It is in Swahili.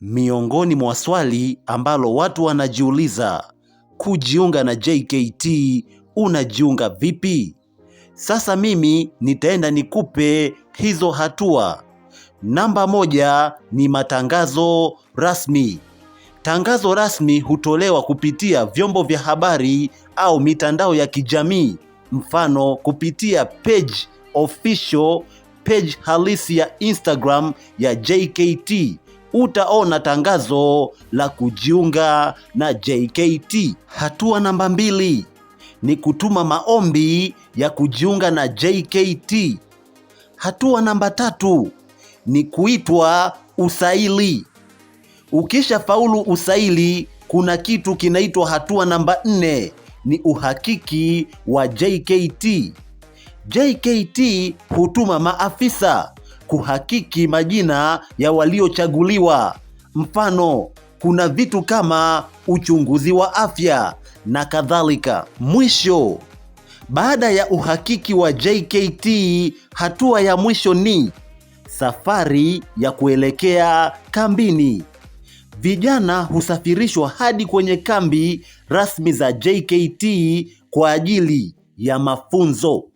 Miongoni mwa swali ambalo watu wanajiuliza, kujiunga na JKT unajiunga vipi? Sasa mimi nitaenda nikupe hizo hatua. Namba moja ni matangazo rasmi. Tangazo rasmi hutolewa kupitia vyombo vya habari au mitandao ya kijamii, mfano kupitia page official, page halisi ya Instagram ya JKT utaona tangazo la kujiunga na JKT. Hatua namba mbili ni kutuma maombi ya kujiunga na JKT. Hatua namba tatu ni kuitwa usaili. Ukisha faulu usaili, kuna kitu kinaitwa hatua namba nne ni uhakiki wa JKT. JKT hutuma maafisa kuhakiki majina ya waliochaguliwa. Mfano, kuna vitu kama uchunguzi wa afya na kadhalika. Mwisho, baada ya uhakiki wa JKT, hatua ya mwisho ni safari ya kuelekea kambini. Vijana husafirishwa hadi kwenye kambi rasmi za JKT kwa ajili ya mafunzo.